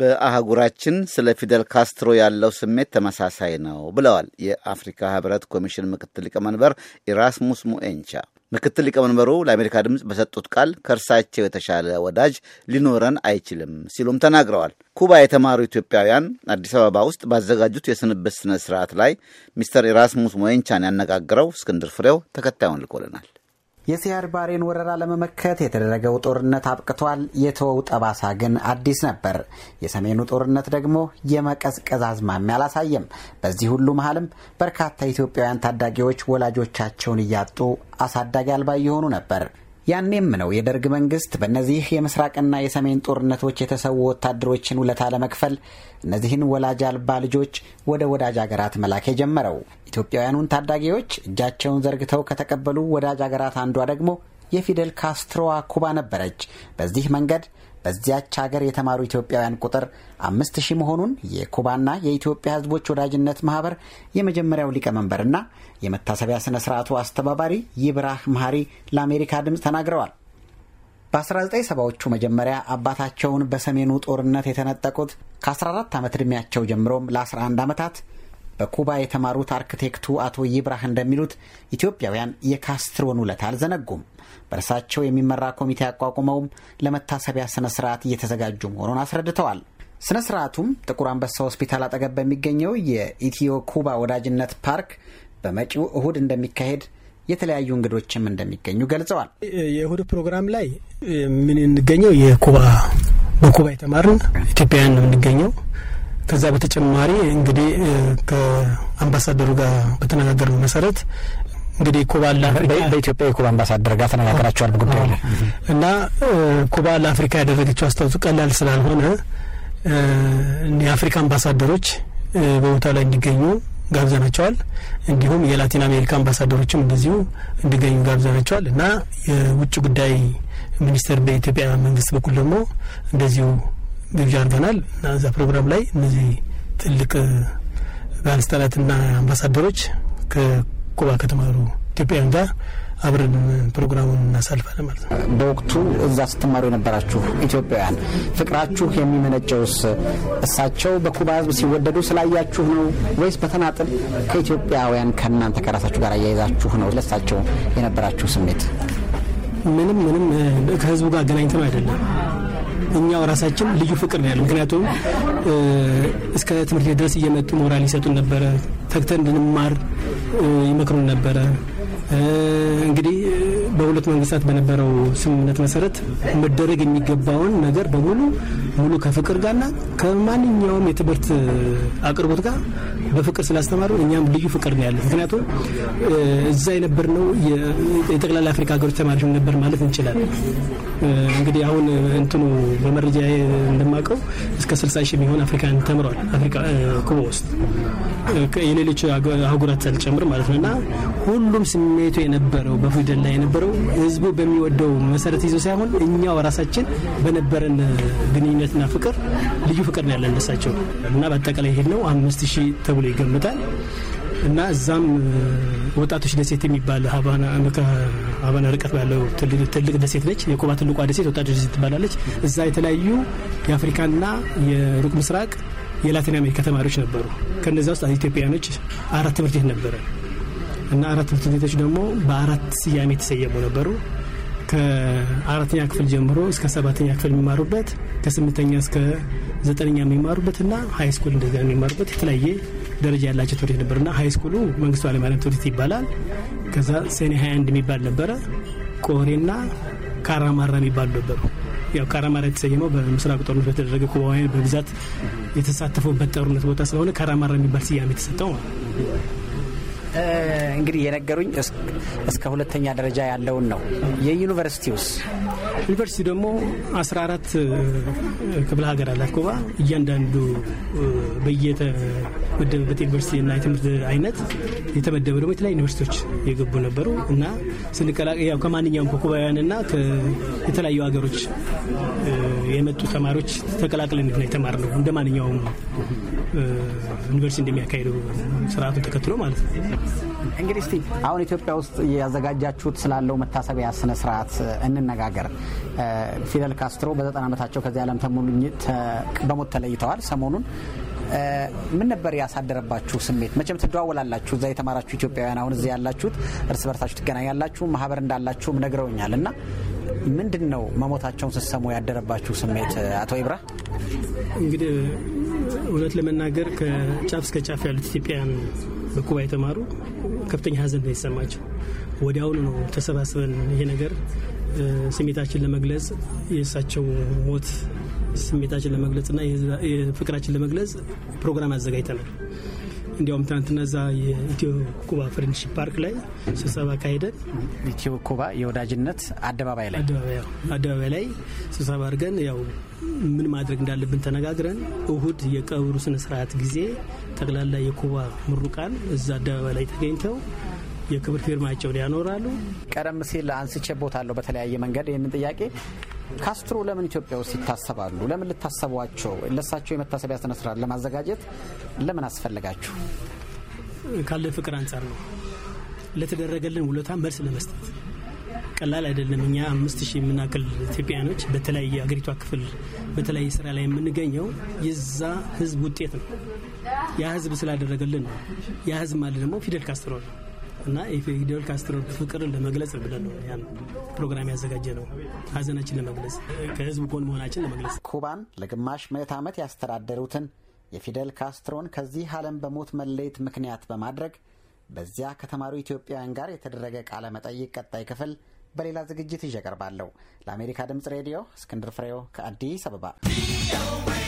በአህጉራችን ስለ ፊደል ካስትሮ ያለው ስሜት ተመሳሳይ ነው ብለዋል የአፍሪካ ህብረት ኮሚሽን ምክትል ሊቀመንበር ኢራስሙስ ሙኤንቻ። ምክትል ሊቀመንበሩ ለአሜሪካ ድምፅ በሰጡት ቃል ከእርሳቸው የተሻለ ወዳጅ ሊኖረን አይችልም ሲሉም ተናግረዋል። ኩባ የተማሩ ኢትዮጵያውያን አዲስ አበባ ውስጥ ባዘጋጁት የስንብት ስነ ስርዓት ላይ ሚስተር ኢራስሙስ ሞየንቻን ያነጋግረው እስክንድር ፍሬው ተከታዩን ልኮልናል። የሲያድ ባሬን ወረራ ለመመከት የተደረገው ጦርነት አብቅቷል። የተወው ጠባሳ ግን አዲስ ነበር። የሰሜኑ ጦርነት ደግሞ የመቀዝቀዝ አዝማሚያ አላሳየም። በዚህ ሁሉ መሀልም በርካታ ኢትዮጵያውያን ታዳጊዎች ወላጆቻቸውን እያጡ አሳዳጊ አልባ እየሆኑ ነበር። ያኔም ነው የደርግ መንግስት በእነዚህ የምስራቅና የሰሜን ጦርነቶች የተሰዉ ወታደሮችን ውለታ ለመክፈል እነዚህን ወላጅ አልባ ልጆች ወደ ወዳጅ አገራት መላክ የጀመረው። ኢትዮጵያውያኑን ታዳጊዎች እጃቸውን ዘርግተው ከተቀበሉ ወዳጅ አገራት አንዷ ደግሞ የፊደል ካስትሮዋ ኩባ ነበረች። በዚህ መንገድ በዚያች ሀገር የተማሩ ኢትዮጵያውያን ቁጥር አምስት ሺህ መሆኑን የኩባና የኢትዮጵያ ሕዝቦች ወዳጅነት ማህበር የመጀመሪያው ሊቀመንበርና የመታሰቢያ ስነ ስርዓቱ አስተባባሪ ይብራህ መሀሪ ለአሜሪካ ድምፅ ተናግረዋል። በ1970ዎቹ መጀመሪያ አባታቸውን በሰሜኑ ጦርነት የተነጠቁት ከ14 ዓመት ዕድሜያቸው ጀምሮም ለ11 ዓመታት በኩባ የተማሩት አርክቴክቱ አቶ ይብራህ እንደሚሉት ኢትዮጵያውያን የካስትሮን ውለት አልዘነጉም። በእርሳቸው የሚመራ ኮሚቴ አቋቁመውም ለመታሰቢያ ስነ ስርዓት እየተዘጋጁ መሆኑን አስረድተዋል። ስነ ስርዓቱም ጥቁር አንበሳ ሆስፒታል አጠገብ በሚገኘው የኢትዮ ኩባ ወዳጅነት ፓርክ በመጪው እሁድ እንደሚካሄድ የተለያዩ እንግዶችም እንደሚገኙ ገልጸዋል። የእሁድ ፕሮግራም ላይ የምንገኘው የኩባ በኩባ የተማርን ኢትዮጵያውያን ነው የምንገኘው ከዛ በተጨማሪ እንግዲህ ከአምባሳደሩ ጋር በተነጋገርነው መሰረት እንግዲህ ኩባ በኢትዮጵያ የኩባ አምባሳደር ጋር ተነጋገራቸዋል ጉዳዩ ላይ እና ኩባ ለአፍሪካ ያደረገችው አስተዋጽኦ ቀላል ስላልሆነ የአፍሪካ አምባሳደሮች በቦታው ላይ እንዲገኙ ጋብዘናቸዋል። እንዲሁም የላቲን አሜሪካ አምባሳደሮችም እንደዚሁ እንዲገኙ ጋብዘናቸዋል እና የውጭ ጉዳይ ሚኒስቴር በኢትዮጵያ መንግስት በኩል ደግሞ እንደዚሁ ግብዣ አድርገናል እና እዛ ፕሮግራም ላይ እነዚህ ትልቅ ባለስልጣናትና አምባሳደሮች ከኩባ ከተማሩ ኢትዮጵያውያን ጋር አብረን ፕሮግራሙን እናሳልፋለን ማለት ነው። በወቅቱ እዛ ስትማሩ የነበራችሁ ኢትዮጵያውያን ፍቅራችሁ የሚመነጨውስ እሳቸው በኩባ ሕዝብ ሲወደዱ ስላያችሁ ነው ወይስ በተናጥል ከኢትዮጵያውያን ከእናንተ ከራሳችሁ ጋር አያይዛችሁ ነው? ለእሳቸው የነበራችሁ ስሜት ምንም ምንም ከህዝቡ ጋር አገናኝተን አይደለም እኛው ራሳችን ልዩ ፍቅር ነው ያለው። ምክንያቱም እስከ ትምህርት ቤት ድረስ እየመጡ ሞራል ይሰጡን ነበረ፣ ተግተን እንድንማር ይመክሩን ነበረ። እንግዲህ በሁለቱ መንግስታት በነበረው ስምምነት መሰረት መደረግ የሚገባውን ነገር በሙሉ ሙሉ ከፍቅር ጋርና ከማንኛውም የትምህርት አቅርቦት ጋር በፍቅር ስላስተማሩ እኛም ልዩ ፍቅር ነው ያለን። ምክንያቱም እዛ የነበርነው የጠቅላላ አፍሪካ ሀገሮች ተማሪዎች ነበር ማለት እንችላለን። እንግዲህ አሁን እንትኑ በመረጃ እንደማውቀው እስከ 60 ሺህ የሚሆን አፍሪካን ተምሯል አፍሪካ ኩቦ ውስጥ የሌሎች አህጉራት ሳልጨምር ማለት ነው። እና ሁሉም ስሜቱ የነበረው በፊደል ላይ የነበረው ህዝቡ በሚወደው መሰረት ይዞ ሳይሆን እኛው ራሳችን በነበረን ግንኙነትና ፍቅር ልዩ ፍቅር ነው ያለን ለሳቸው እና በአጠቃላይ ይሄድ ነው አምስት ሺህ ተብሎ ይገምታል። እና እዛም ወጣቶች ደሴት የሚባል ሀቫና ርቀት ባለው ትልቅ ደሴት ነች። የኩባ ትልቋ ደሴት ወጣቶች ደሴት ትባላለች። እዛ የተለያዩ የአፍሪካና የሩቅ ምስራቅ የላቲን አሜሪካ ተማሪዎች ነበሩ። ከነዚ ውስጥ ኢትዮጵያኖች አራት ትምህርት ቤት ነበረ እና አራት ትምህርት ቤቶች ደግሞ በአራት ስያሜ የተሰየሙ ነበሩ። ከአራተኛ ክፍል ጀምሮ እስከ ሰባተኛ ክፍል የሚማሩበት ከስምንተኛ እስከ ዘጠነኛ የሚማሩበት እና ሀይ ስኩል እንደዚያ የሚማሩበት የተለያየ ደረጃ ያላቸው ትምህርት ቤት ነበርና ሀይ ስኩሉ መንግስቱ ኃይለማርያም ትምህርት ይባላል። ከዛ ሰኔ 21 የሚባል ነበረ። ቆሬና ካራማራ የሚባሉ ነበሩ። ያው ካራማራ የተሰየመው በምስራቅ ጦርነት በተደረገ ኩባውያን በብዛት የተሳተፈበት ጦርነት ቦታ ስለሆነ ካራማራ የሚባል ስያሜ የተሰጠው ማለት እንግዲህ የነገሩኝ እስከ ሁለተኛ ደረጃ ያለውን ነው። የዩኒቨርሲቲውስ ዩኒቨርሲቲ ደግሞ 14 ክፍለ ሀገር አላት ኩባ። እያንዳንዱ በየተመደበበት ዩኒቨርሲቲ እና የትምህርት አይነት የተመደበ ደግሞ የተለያዩ ዩኒቨርሲቲዎች የገቡ ነበሩ እና ስንቀላ ያው ከማንኛውም ከኩባውያን እና የተለያዩ ሀገሮች የመጡ ተማሪዎች ተቀላቅለን ነው እንደ ማንኛውም ዩኒቨርሲቲ እንደሚያካሄደው ስርዓቱን ተከትሎ ማለት ነው። እንግዲህ እስቲ አሁን ኢትዮጵያ ውስጥ ያዘጋጃችሁት ስላለው መታሰቢያ ስነ ስርዓት እንነጋገር። ፊደል ካስትሮ በዘጠና ዓመታቸው ከዚህ ዓለም በሞት ተለይተዋል። ሰሞኑን ምን ነበር ያሳደረባችሁ ስሜት? መቼም ትደዋወላላችሁ እዛ የተማራችሁ ኢትዮጵያውያን፣ አሁን እዚህ ያላችሁት እርስ በርሳችሁ ትገናኛላችሁ፣ ማህበር እንዳላችሁም ነግረውኛል። እና ምንድን ነው መሞታቸውን ስትሰሙ ያደረባችሁ ስሜት? አቶ ይብራ እንግዲህ እውነት ለመናገር ከጫፍ እስከ ጫፍ ያሉት ኢትዮጵያውያን በኩባ የተማሩ ከፍተኛ ሀዘን ነው የተሰማቸው። ወዲያውኑ ነው ተሰባስበን ይሄ ነገር ስሜታችን ለመግለጽ የእሳቸው ሞት ስሜታችን ለመግለጽና ፍቅራችን ለመግለጽ ፕሮግራም አዘጋጅተናል። እንዲያውም ትናንትና እዛ የኢትዮ ኩባ ፍሬንድሺፕ ፓርክ ላይ ስብሰባ አካሄደን ኢትዮ ኩባ የወዳጅነት አደባባይ ላይ አደባባይ ላይ ስብሰባ አድርገን ያው ምን ማድረግ እንዳለብን ተነጋግረን እሁድ የቀብሩ ስነስርዓት ጊዜ ጠቅላላ የኩባ ምሩቃን እዛ አደባባይ ላይ ተገኝተው የክብር ፊርማቸውን ያኖራሉ። ቀደም ሲል አንስቼ ቦታለሁ በተለያየ መንገድ ይህንን ጥያቄ ካስትሮ ለምን ኢትዮጵያ ውስጥ ይታሰባሉ? ለምን ልታሰቧቸው? ለሳቸው የመታሰቢያ ስነ ስርዓት ለማዘጋጀት ለምን አስፈለጋችሁ? ካለ ፍቅር አንጻር ነው። ለተደረገልን ውለታ መልስ ለመስጠት ቀላል አይደለም። እኛ አምስት ሺህ የምናክል ኢትዮጵያውያኖች በተለያየ አገሪቷ ክፍል በተለያየ ስራ ላይ የምንገኘው የዛ ህዝብ ውጤት ነው። ያ ህዝብ ስላደረገልን ነው። ያ ህዝብ ማለት ደግሞ ፊደል ካስትሮ ነው። እና የፊደል ካስትሮን ፍቅርን ለመግለጽ ብለን ነው ያን ፕሮግራም ያዘጋጀ ነው። ሀዘናችን ለመግለጽ ከህዝብ ጎን መሆናችን ለመግለጽ ኩባን ለግማሽ ምዕት ዓመት ያስተዳደሩትን የፊደል ካስትሮን ከዚህ ዓለም በሞት መለየት ምክንያት በማድረግ በዚያ ከተማሩ ኢትዮጵያውያን ጋር የተደረገ ቃለ መጠይቅ ቀጣይ ክፍል በሌላ ዝግጅት ይዤ ለአሜሪካ ድምፅ ሬዲዮ እስክንድር ፍሬው ከአዲስ አበባ